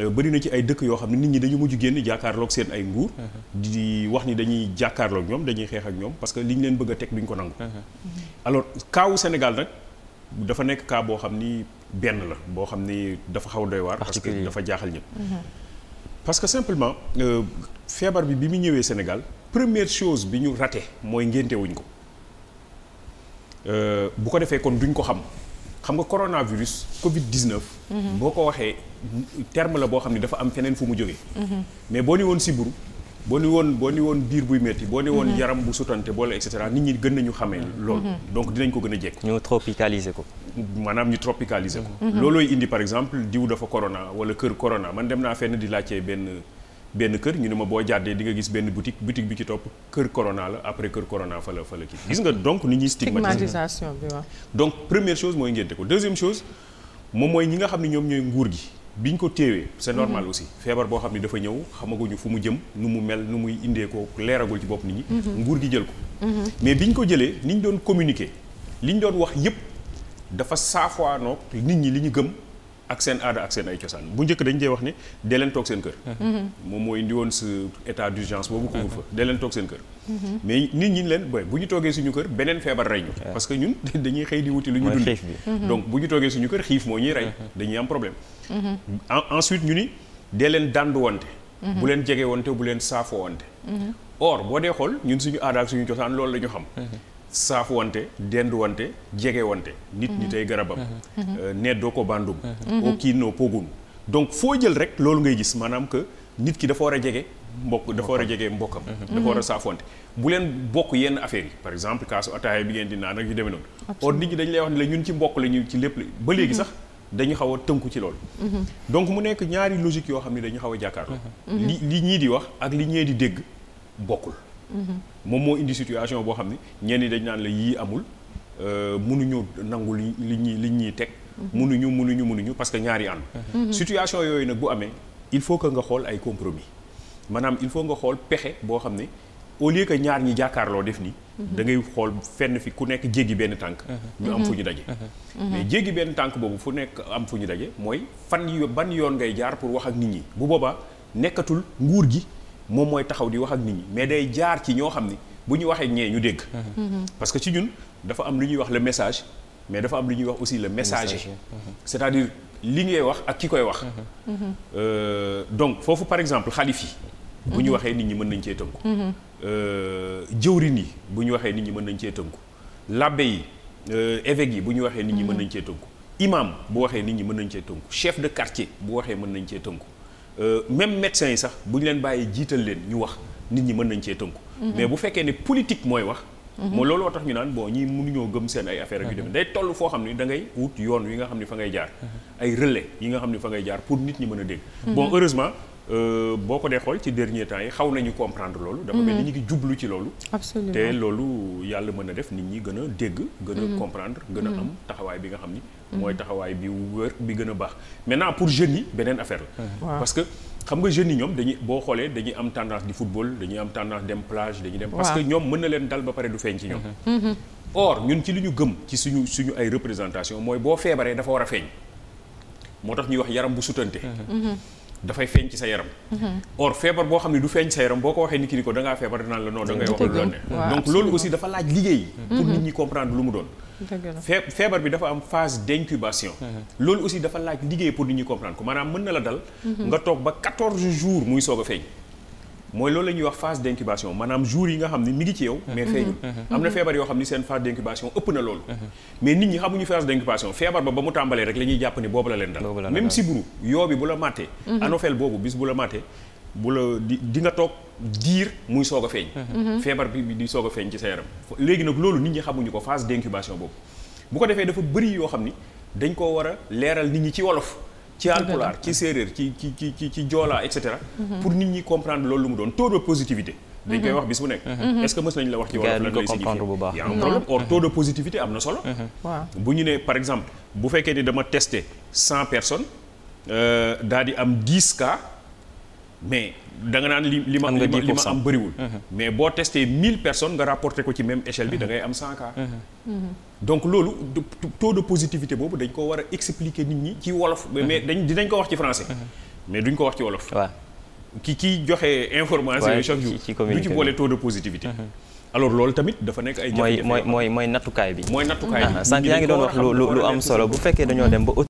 Euh, bëri na ci ay dëkk yoo xam ne nit ñi dañu mujj génn jàkkaarloog seen ay nguur. Uh-huh. di wax ni dañuy jàkkaarloog ñoom dañuy xeex ak ñoom parce que li ñu leen bëgg a teg duñ ko nangu. Uh-huh. alors kaawu Sénégal nag dafa nekk kaa boo xam ni benn la boo xam ni dafa xaw doy waar. parce que dafa jaaxal ñëpp. Uh-huh. parce que simplement euh, feebar bi bi mu ñëwee Sénégal première chose bi ñu raté mooy ngéntewuñ ko euh, bu ko defee kon duñ ko xam. xam nga coronavirus Covid 19. Mhm. boo ko waxee terme la boo xam ne dafa am feneen fu mu jógee. Mhm. mais boo ni woon siburu boo ni woon boo ni woon biir buy metti boo ni woon mhm. yaram bu sutante boole et nit ñi gën nañu xamee lool donc dinañ ko gën a jekk ñu tropicaliser ko maanaam ñu tropicaliser ko loolooy indi par exemple diw dafa corona wala kër corona man dem naa fenn di laajte benn benn kër ñu ne ma boo jàddee di nga gis benn boutique boutique bi ci topp kër corona la après kër corona fa la fa la kii gis nga donc ni ñuy stigmatisation bi waaw donc première chose mooy ngénte ko deuxième chose moom mooy ñi nga xam ne ñoom ñooy nguur gi biñ ko téewee c'est normal mm-hmm. aussi feebar boo xam ne dafa ñëw xamaguñu fu mu jëm nu mu mel nu muy indee ko leeragul ci bopp nit ñi mm-hmm. nguur gi jël ko mm-hmm. mais biñ ko jëlee ni ñu doon communiquer li ñu doon wax yépp dafa saafoanoog nit ñi li ñu gëm ak seen aada ak seen ay cosaan bu njëkk dañ dee wax ne dee leen toog seen kër. Mhm. moom moo indi woon sa état d'urgence boobu. Mhm. couvre-feu dee leen toog seen kër. Mhm. mais nit ñi leen bu ñu toogee suñu kër beneen feebar rey ñu. parce que ñun dañuy xëy di wuti lu ñu dund. donc bu ñu toogee suñu kër xiif moo ñuy rey. dañuy am problème. ensuite ñu ni dee leen dàndu wante. bu leen jege wante bu leen saafo wante. or boo dee xool ñun suñu aada ak suñu cosaan loolu la xam. saaf wante dend wante jege wante nit ñi tey garabam mhm. mhm. euh, ne doo ko bandum mhm. kii noo pogum donc foo jël rek loolu ngay gis maanaam que nit ki dafa war a jege mbokk dafa war a jege mbokkam dafa war a bu leen bokk yenn affaire yi par exemple kaasu ataaya bi ngeen di naan rek yu demee noonu or nit ñi dañ lay wax ne la ñun ci la ñu ci lépp la ba léegi sax dañu xaw a tënku ci lool donc mu nekk ñaari logique yoo xam ne dañu xaw a jàkkaarloo li li ñii di wax ak li ñee di dégg bokkul moom moo indi situation boo xam ne ñenn dañ naan la yii amul euh, mënuñu nangu li li ñuy li ñuy teg. munuñu mënuñu mënuñu parce que ñaari ànd. Mhm. situation yooyu nag bu amee il faut que nga xool ay compromis maanaam il faut nga xool pexe boo xam ne au lieu que ñaar ñi jàkkaarloo def nii. Mhm. dangay xool fenn fi ku nekk jéggi benn tànk. Mhm. ñu am fu ñu daje. mais jéggi benn tànk boobu fu nekk am fu ñu daje mooy fan ban yoon ngay jaar pour wax ak nit ñi bu boobaa nekkatul nguur gi. moom mooy taxaw di wax ak nit ñi mais day jaar ci ñoo xam ni bu ñu waxee ñee ñu dégg. Mm-hmm. parce que ci ñun dafa am lu ñuy wax le message mais dafa am lu ñuy wax aussi le message mm-hmm. c'est-à-dire li ngay wax ak ki koy wax. Mm-hmm. Euh, donc foofu par exemple xalif yi. bu ñu waxee nit ñi mën nañ cee tënku. Euh, jëwrin yi bu ñu waxee nit ñi mën nañ cee tënku. labbe yi euh, évêque yi bu ñu waxee nit ñi mën nañ cee tënku. imam bu waxee nit ñi mën nañ cee tënku chef de quartier bu waxee mën nañ cee tënku. Euh, même médecins yi sax bu ñu leen bàyyi jiital leen ñu wax nit ñi mën nañ cee tënku. Mhm. mais bu fekkee ne politique mooy wax. Mhm. moo looloo tax ñu naan bon ñii mënuñoo gëm seen ay affaire ak yu mhm. demee day toll foo xam ne da wut yoon wi nga xam ne fa ngay jaar. ay relais yi nga xam ne fa ngay jaar pour nit ñi mën a dégg. bon heureusement Euh, boo ko dee xool ci dernier temps yi xaw nañu comprendre loolu. dafa mel ni ñu ngi jublu ci loolu. absolument te loolu yàlla mën a def nit ñi gën a dégg. gën a mm-hmm. comprendre gën a am mm-hmm. taxawaay bi nga xam ni. Mm-hmm. mooy taxawaay bi wër bi gën a baax maintenant pour jeunes yi beneen affaire la. parce que xam nga jeunes yi ñoom dañuy boo xoolee dañuy am tendance di football dañuy am tendance dem plage dañuy dem. parce que ñoom mën na leen dal ba pare du feeñ ci ñoom. or ñun ci li ñu gëm ci suñu suñu ay représentation mooy boo feebaree dafa war a moo tax ñuy wax yaram bu sutante dafay feeñ ci sa yaram. or feebar boo xam ne du feeñ sa yaram boo ko waxee nit ki ni ko da ngaa feebar dinaan la non da ngay wax lu la ne donc loolu aussi dafa laaj liggéey. Mhm. pour nit mhm. ñi comprendre lu mu doon. feebar bi dafa am phase d'incubation. Mhm. loolu aussi dafa laaj liggéey pour nit ñi comprendre ko maanaam mën na la dal. nga toog ba 14 jours muy soog a feeñ. mooy loolu la ñuy wax phase d' incubation maanaam jours yi nga xam ne mi ngi ci yow. mais mhm. feeñul mhm. am na mhm. feebar yoo xam ni seen phase d' incubation ëpp na loolu. mais nit ñi xamuñu phase d' incubation feebar ba ba mu tàmbalee rek la ñuy jàpp ni boobu la leen dal. même si buru yoo bi bu la màttee. anophèle boobu bis bu la màttee bu la di di toog diir muy soog a feeñ. feebar bi di soog a feeñ ci sa yaram. léegi nag loolu nit ñi xamuñu ko phase d' incubation boobu bu ko defee dafa bëri yoo xam ni dañ koo war a leeral nit ñi ci wolof. ci alpulaar ci séeréer ci ci ci ci ci joolaa et cetera. Mhm. pour nit ñi comprendre loolu lu mu doon tour de positivité. dañ koy mhm. wax bis bu nekk. Mhm. est que mës nañ la wax ci wolof lan lay bu baax y a un problème or taux de positivité am na solo. waaw bu ñu nee par exemple bu fekkee ni dama teste cent personnes euh, daal di am dix cas mais. da nga naan li li ma li ma am bëriwul mm-hmm. mais boo testé mille personnes nga rapporté ko ci même échelle bi da ngay am cent cas mm-hmm. Mm-hmm. donc loolu taux de positivité boobu dañ ko war expliqué nit ñi ci wolof mais dañ dinañ ko wax ci français mais duñ ko wax ci wolof waaw ki kiy joxe information yi chaque ci du ci boole taux de positivité alors loolu tamit dafa nekk ay jafe-jafe mooy mooy mooy nattukaay bi mooy nattukaay bi ah, sànq yaa ngi doon wax lu lu am solo bu fekkee dañoo dem ba